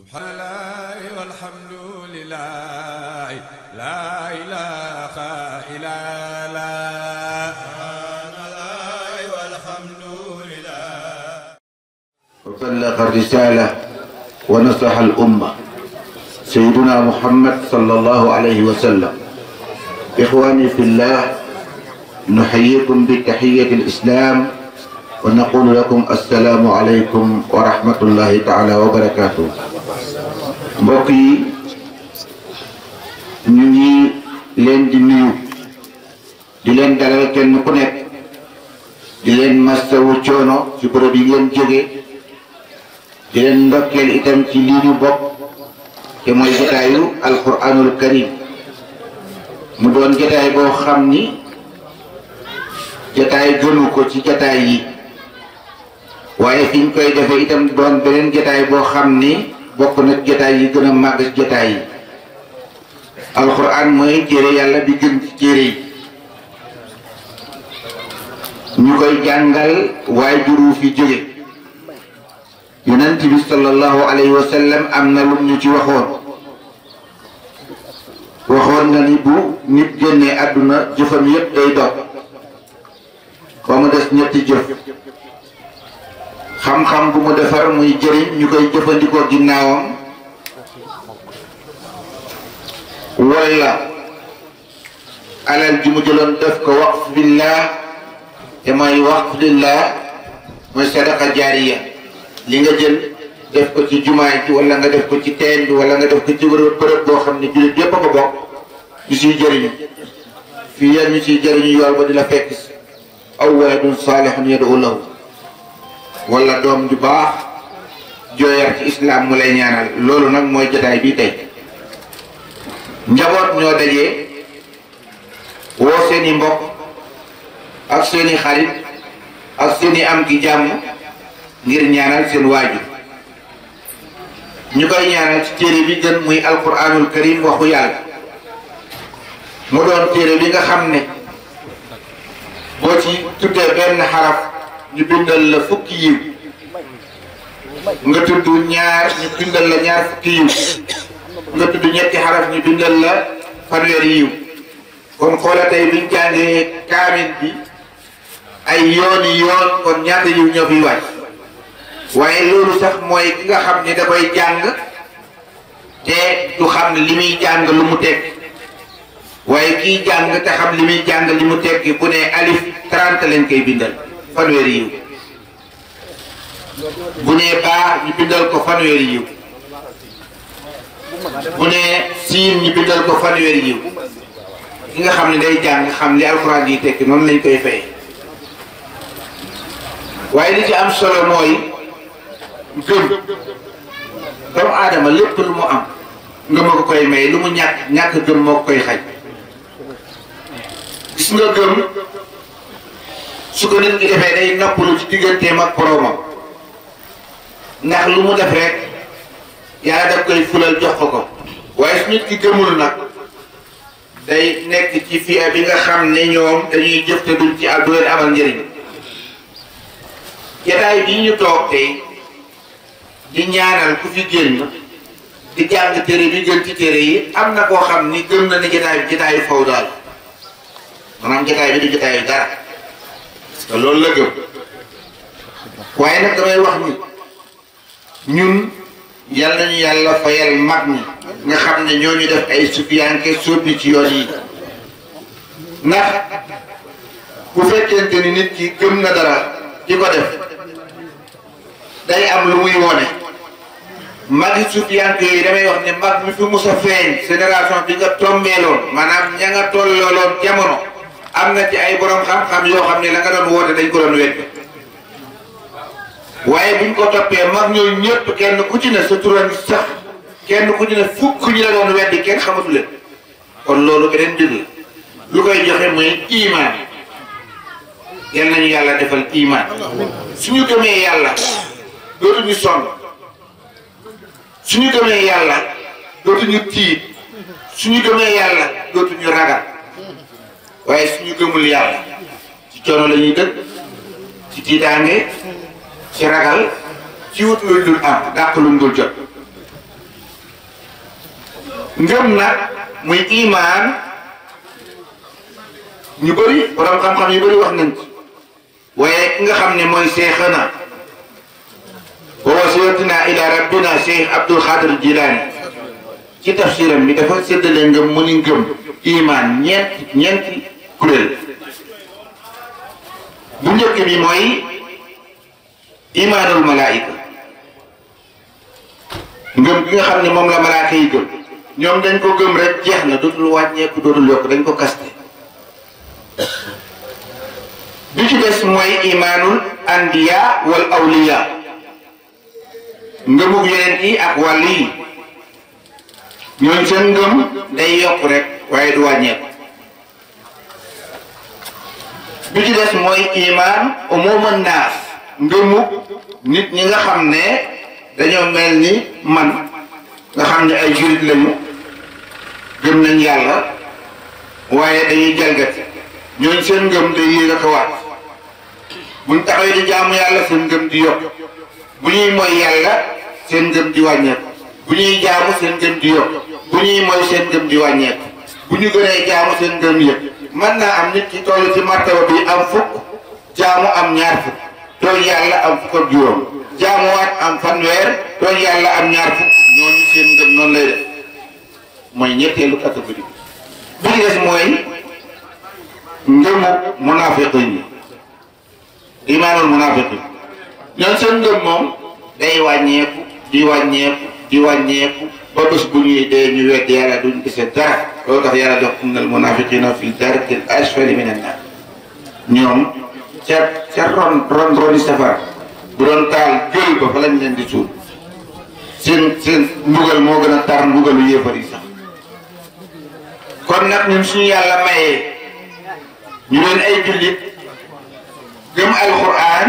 سبحان الله والحمد لله لا إله إلا الله سبحان الله والحمد لله وبلغ الرسالة ونصح الأمة سيدنا محمد صلى الله عليه وسلم إخواني في الله نحييكم بتحية الإسلام ونقول لكم السلام عليكم ورحمة الله تعالى وبركاته mbokk yi ñu ngi leen di nuyu di leen dalal kenn ku nekk di leen mastawu coono ci bërëb yi leen jóge di leen ndokkeel itam ci lii ñu bokk te mooy jotaayu alquranul karim mu doon jotaay boo xam ni jotaay gënu ko ci jataay yi waaye fi ñu koy defee itam doon beneen jotaay boo xam ni bokk na jotaay yi gën a màgg jotaay yi alxuraan mooy téere yàlla bi gën ci téere yi ñu koy jàngal waaye juru fi jóge yonent bi sallallahu alayhi wa sallam am na lum ñu ci waxoon waxoon na ni bu nit génnee àdduna jëfam yépp day dog ba mu des ñetti jëf xam-xam bu mu defar muy jëriñ ñu koy jëfandikoo ginnaawam walla alal ji mu jëloon def ko waqf billah te mooy waqf billah mooy sadaqa jaariya li nga jël def ko ci jumaay ji walla nga def ko ci teen bi walla nga def ko ci bërëb bërëb boo xam ne jullit yépp a ko bokk ñu siy jëriñu fii yéen ñu siy jëriñu yool ba di la fekk aw waladun saalihun yad'u lahu wala doom ju baax jooyar ci islam mu lay ñaanal loolu nag mooy jotaay bii tey njaboot ñoo dajee woo seeni mbokk ak seeni xarit ak seeni am gi jàmm ngir ñaanal seen waajur ñu koy ñaanal ci téere bi gën muy alquranul karim waxu yàlla mu doon téere bi nga xam ne boo ci tuddee benn xaraf ñu bindal la fukki yiw nga tudd ñaar ñu bindal la ñaar fukki yiw nga tudd ñetti xaraf ñu bindal la fanweeri yiw kon xoola tey biñ jàngee kaamil bi ay yooni yoon kon ñaata yiw ñoo fiy waaye loolu sax mooy ki nga xam ni dafay jàng te du xam li muy jàng lu mu tekk waaye kiy jàng te xam li muy jàng lu mu tekki bu ne alif 30 lañ koy bindal fanweeri yiw bu nee baa ñu bindal ko fanweeri yiw bu nee siin ñu bindal ko fanweeri yiw ki nga xam ne day jàng xam li alxuraan yi tekki noonu lañ koy fay waaye li ci am solo mooy gëm doomu aadama lépp lu mu am nga ma ko koy may lu mu ñàkk ñàkk gëm moo koy xaj gis nga gëm su ko nit ki defee day noppalu ci digganteem ak boroomam ndax lu mu def rek yàlla daf koy fulal jox ko ko waaye su nit ki gëmul nag day nekk ci fii bi nga xam ne ñoom dañuy jëf te ci ak du leen amal njëriñ jataay bi ñu toog tey di ñaanal ku fi génn di jàng téere bi yi am na koo xam ni gëm na ne jataay bi jataayu faw daal maanaam jataay bi du jataayu dara loolu la gëm waaye nag damay wax ni ñun yal nañu yàlla fayal mag ñi nga xam ne ñoo ñu def ay subiyanke sóobi ci yoon yi ndax bu fekkente ni nit ki gëm na dara ci ko def day am lu muy wone mag yi subiyanke yi damay wax ne mag mi fi mus a feeñ génération bi nga tombeeloon maanaam ña nga tollooloon jamono am na ci ay borom xam-xam yoo xam ne la nga doon woote dañ ko doon wécc waaye buñ ko toppee mag ñoo ñëpp kenn ku ci ne sa turan sax kenn ku ci ne fukk ñu la doon weddi kenn xamatu leen kon loolu beneen mbir la lu koy joxe mooy iman yal nañu yàlla defal iman suñu demee yàlla dootuñu sonn suñu gëmee yàlla dootuñu tiit ñu demee yàlla dootuñu ragal. waaye suñu gëmul yàlla ci coono lañuy ñuy dëkk ci tiitaange ci ragal ci wut luñ dul am dàq luñ dul jot ngëm nag muy imaan ñu bëri borom xam-xam yu bëri wax nañ ko waaye nga xam ne mooy seexana wa wasiyatina ila rabbina Cheikh Abdul Xaadir Jilaani ci tafsiram bi dafa séddale ngëm mu ni ngëm imaan ñeent ñeenti kurel bu ñëk bi moy imanul malaika ngëm gi nga xamni mom la malaika yi gëm ñom dañ ko gëm rek jeex na wañé wàññeeku dudul yok dañ ko kasté bi ci dess moy imanul andiya wal awliya gu yeen yi ak wali ñoy seen ngëm day yok rek waye du ko bi ci des mooy iman umuma naas ngëmu nit ñi nga xam ne dañoo mel ni man nga xam ne ay jurit lañu gëm nañ yàlla waaye dañuy jalgati ñooñ seen ngëm day yéeg ak waat buñ taxawee di jaamu yàlla seen ngëm di yokk bu ñuy mooy yàlla seen ngëm di wàññeeku bu ñuy jaamu seen ngëm di yokk ñuy mooy seen ngëm di wàññeeku bu ñu gënee jaamu seen ngëm yëpp man naa am nit ki toll ci martaba bi am fukk jaamu am ñaar fukk tooñ yàlla am fukk ak juróom jaamuwaat am fanweer tooñ yàlla am ñaar fukk ñooñu seen ngëm noonu lay def mooy ñetteelu catégorie bi bi des mooy ngëmu munaafiqiin yi imaanul munaafiqiin ñoom seen ngëm moom day wàññeeku di wàññeeku di wàññeeku ba bés bu ñuy dee ñu wedd yàlla duñ gise dara loolu tax yàlla jox innal fi darki al asfali min annar ñoom ca ca ron lañ leen di suul seen seen moo gën a tar mbugalu yéefar yi sax kon nag ñun suñu yàlla mayee ñu doon ay jullit gëm alquran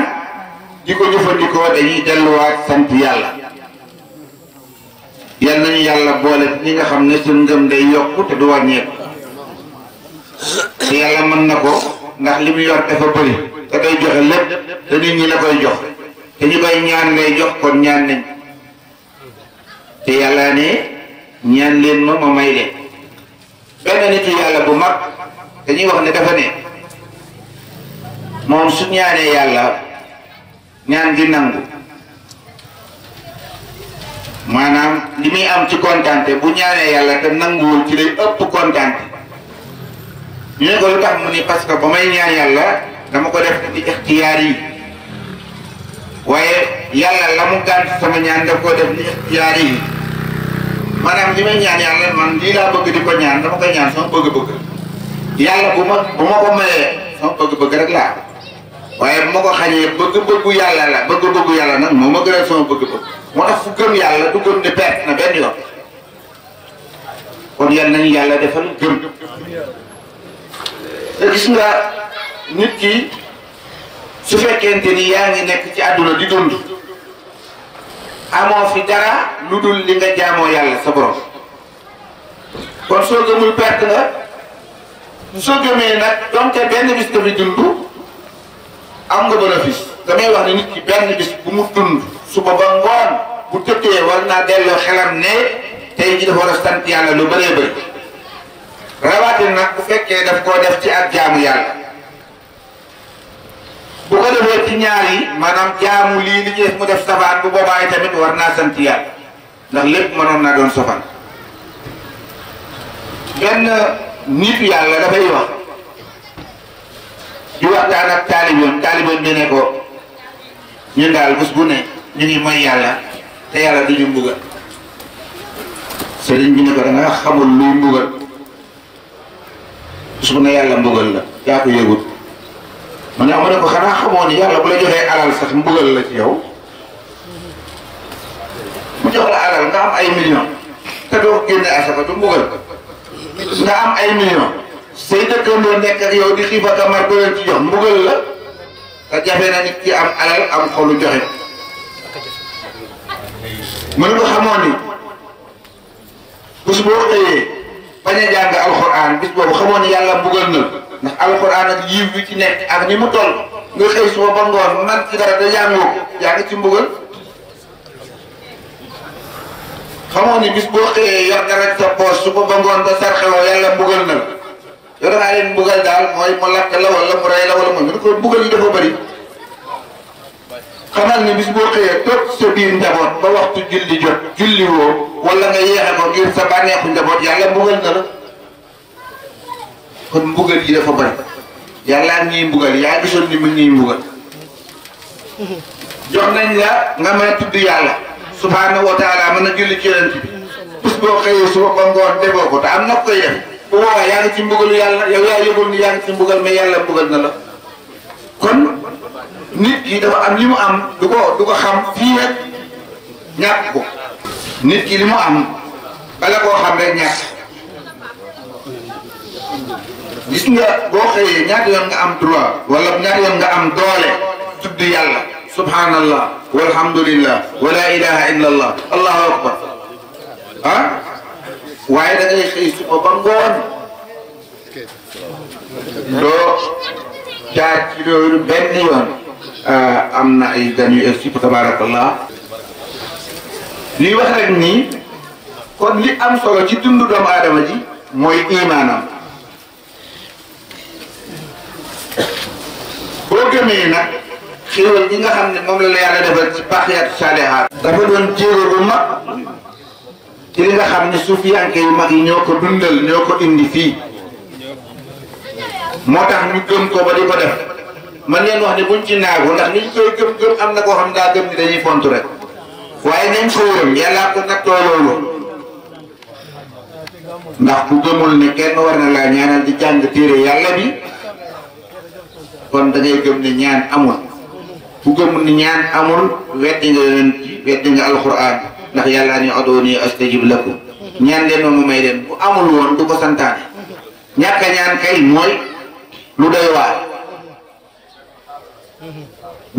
di ko jëfandikoo dañuy delluwaat sant yàlla yal nañu yàlla boole ñi nga xam ne suñ ngëm day yokku te du wàññeeku te yàlla mën na ko ndax li mu yor dafa bëri te day joxe lépp te nit ñi la koy jox te ñu koy ñaan lay jox kon ñaan nañ te yàlla ne ñaan leen ma may leen benn nit yàlla bu mag dañuy wax ne dafa ne moom su ñaanee yàlla ñaan gi nangu manam limi am ci contenté bu ñaané yalla te nangul ci lay ëpp contenté ñu ko lu tax mu ni parce que bamay ñaan yalla dama ko def ci ikhtiyar yi waye yalla lamu gant sama ñaan da ko def ni ikhtiyar yi manam limi ñaan yalla man di la bëgg di ko ñaan dama ko ñaan sama bëgg bëgg yalla bu ma bu ma ko maye sama bëgg bëgg rek la waaye bu ma ko xañee bëgg-bëggu yàlla la bëgg-bëggu yàlla nag moom ma gënal sama bëgg-bëgg moo tax fu gëm yàlla du gëm ne perte na benn yoon kon yal nañu yàlla defal gëm te gis nga nit ki su fekkente ni yaa ngi nekk ci àdduna di dund amoo dara lu li nga jaamoo yàlla sa borom kon soo gëmul perte nga soo gëmee nag donte benn bis nga fi dund am nga bénéfice damay wax ni nit ki benn bis bu mu dund suba ba ngoon bu tëddee war naa delloo xelam ne tey ji dafa war sant yàlla lu bëree bëri rawatina bu fekkee daf koo def ci ak jaamu yàlla bu ko defee ci ñaar yi maanaam jaamu lii li ñuy mu def safaan bu boobaay tamit war naa sant yàlla ndax lépp mënoon naa doon safaan benn nit yàlla dafay wax di ana talib yon talib yon dene ko ñun dal bus bu ne ñu ngi may yalla te yalla du ñu mbugal serigne bi ne ko da nga xamul luy mbugal su ne yalla mbugal la ya ko yegut mu ne amone ko xana xamone yalla bu la joxe alal sax mbugal la ci yow mu jox la alal nga am ay million te doo génne asaka du mbugal nga am ay million say dëkkandoo nekk ak yow di xiif ak mar ba leen ci jox mbugal la te jafe na nit ki am alal am xolu joxe mën nga xamoon ni bés boo xëyee bañ a jàng alxuraan bis boobu xamoon ni yàlla yu ci nekk ak ni mu toll nga xëy suba ba ci dara da jàngoo yaa ngi ci mbugal xamoon ni bis boo xëyee yor dara sa poos suba ba ngoon da sarxewoo yàlla mbugal na loolu maa leen buggal daal mooy mu lakk la wala mu rey la wala mu ne ko buggal yi dafa bëri xamal ni bis boo xëyee toog sa biir njaboot ba waxtu julli jot julli woo wala nga yeexe ko ngir sa bànneexu njaboot yàlla mbugal na la nga mën tudd yàlla subhaanahu wa taala mën a julli ci yonent bi bis boo xëyee suba ba ngoon defoo ko te am na ko koy bu boobaa ci mbugal yàlla yow yaa ni am li mu am du ko du ko am bala koo xam rek ñàkk gis nga boo xëyee ñaata yoon am droit wala ñaata yoon nga am doole tudd yàlla subhanallah walhamdulillah wala ilaha illallah allahu akbar ah waaye da ngay xëy suba ba ngoon doo jaar ci loolu ay gan tabarakallah li wax rek kon li am solo ci dundu doomu aadama ji mooy imaanam boo gëmee nag xéewal gi nga xam ne la la defal ci dafa bu ci li nga xam ne suufiyanke yu mag yi ñoo ko dundal ñoo ko indi fii moo tax ñu gëm ko ba di ko def man leen wax ne buñ ci naagu ndax niñ koy gëm gëm am na koo xam daa gëm ni dañuy fontu rek waaye nañ ko wóoram yàllaa ko nattoo loolu ndax ku gëmul ne kenn war na laa ñaanal di jàng téere yàlla bi kon da gëm ne ñaan amul ku gëmul ne ñaan amul weddi nga weddi nga alxuraan ndax yàllaa ni adooni astajib lakum ñaan leen moom may leen bu amul woon du ko santaane ñàkk ñaan kay mooy lu doy waar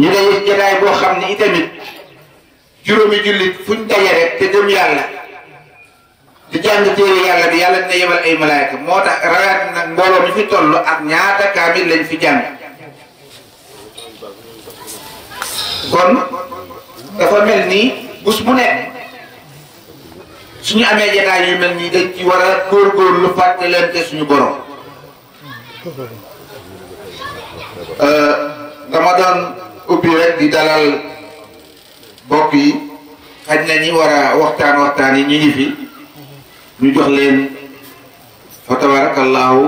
ñu ne yëg boo xam ne itamit juróomi jullit fuñ daje rek te gëm yàlla di jàng téere yàlla bi yàlla dina yebal ay malaayka moo tax rawaat nag mbooloo mi fi toll ak ñaata kaamil lañ fi jàng kon dafa mel nii bus bu nekk suñu amee jataay yu mel nii dañ ci war a góorgóorlu fàtte leen te suñu borom euh, dama doon di dalal bokk yi xaj na ñi war a waxtaan waxtaan yi ñu ngi fi ñu jox leen fa tabarakallahu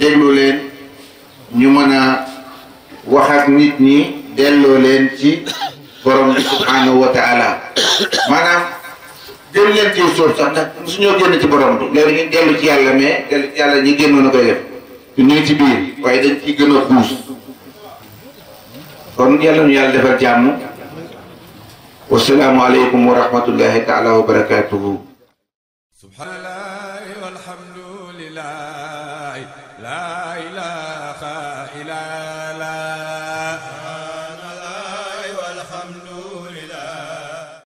déglu leen ñu mën a wax ak nit ñi delloo leen ci borom bi subhanahu jël leen ci suuf sax su suñoo génn ci borom bi léegi ñu ci yàlla mais dellu ci yàlla ñi génnoon a koy def ñu ci biir waaye dañ ciy gën a xuus kon yàlla ñu yàlla defal jàmm wasalaamualeykum wa rahmatullahi taala wa barakatuhu subhanallah